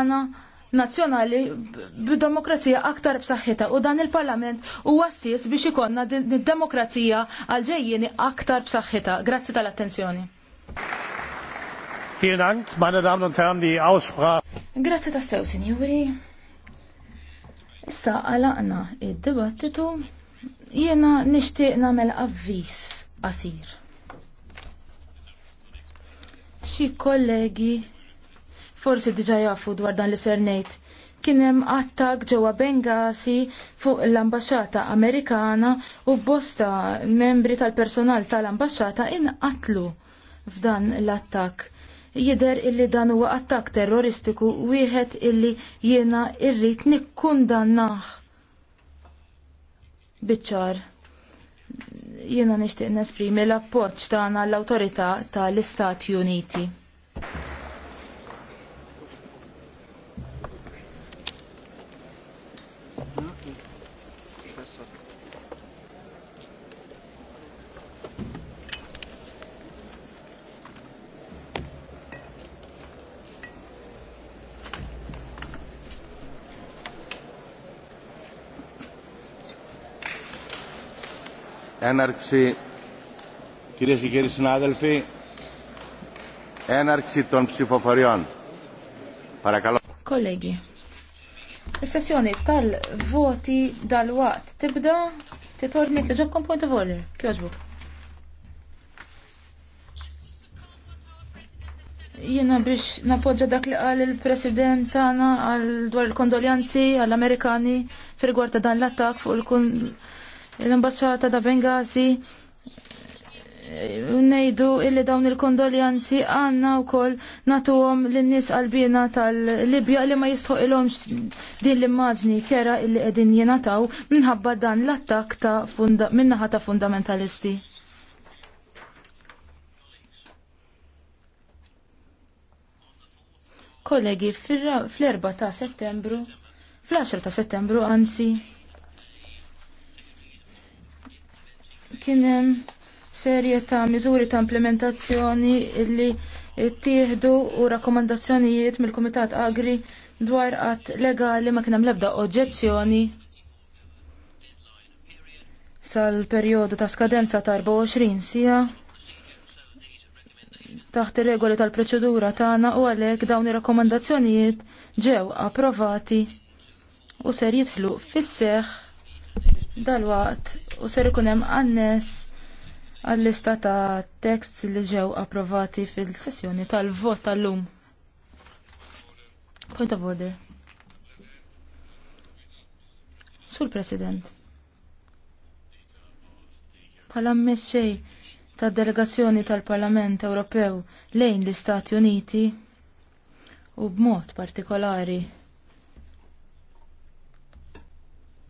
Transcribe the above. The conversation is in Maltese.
għana nazzjonali b'demokrazija aktar b'saħħita u dan il-Parlament huwa għassis biex ikonna d id-demokrazija għal ġejjieni aktar b'saħħita. Grazzi tal-attenzjoni. Vielen Dank, meine Damen und Herren, die Aussprache. Grazzi sew, signori. Issa għalaqna id-dibattitu jiena nixtieq nagħmel avviż qasir. Xi kollegi forsi diġa jafu dwar dan li ser ngħid. Kien hemm attak ġewwa Bengasi fuq l-ambaxxata Amerikana u bosta membri tal-personal tal-ambaxxata inqatlu f'dan l-attak. Jider illi dan huwa attak terroristiku wieħed illi jiena rrid nikkundannaħ. biċċar jiena nixtieq nesprimi l-appoġġ tagħna l-awtorità tal-Istati Uniti. έναρξη, κυρίες και κύριοι συνάδελφοι, έναρξη των ψηφοφοριών. Παρακαλώ. Κολέγγι, sessjoni tal-voti dal-waqt tibda titorni kħiġobkom point of order, kħiġbuk. Jiena biex napoġġa dak li qal il-President tagħna għal dwar il-kondoljanzi għall-Amerikani fir ta' dan l-attak fuq il l-ambasċata ta' Bengasi eh, nejdu illi dawn il-kondoljanzi għanna u koll għom l-nis għalbina tal-Libja li ma jistħu ilomx din l-immaġni kera illi edin jenataw minħabba dan l-attak ta' funda minnaħa ta' fundamentalisti. Kollegi, fl-4 ta' settembru, fl-10 ta' settembru, anzi, kien hemm serje ta' miżuri ta' implementazzjoni li ttieħdu u rakkomandazzjonijiet mill-Kumitat Agri dwar qatt legali ma kien hemm l-ebda oġġezzjoni sal-perjodu ta' skadenza ta' 24 sija taħt ir-regoli tal-proċedura tagħna u għalhekk dawn ir-rakkomandazzjonijiet ġew approvati u ser jidħlu fis-seħħ dalwaqt u ser ikun hemm annes għall-lista ta' teksts li ġew approvati fil-sessjoni tal-vot tal-lum. Point of order. Sur President. Bħala mmexxej tad delegazzjoni tal-Parlament Ewropew lejn l-Istati Uniti u b'mod partikolari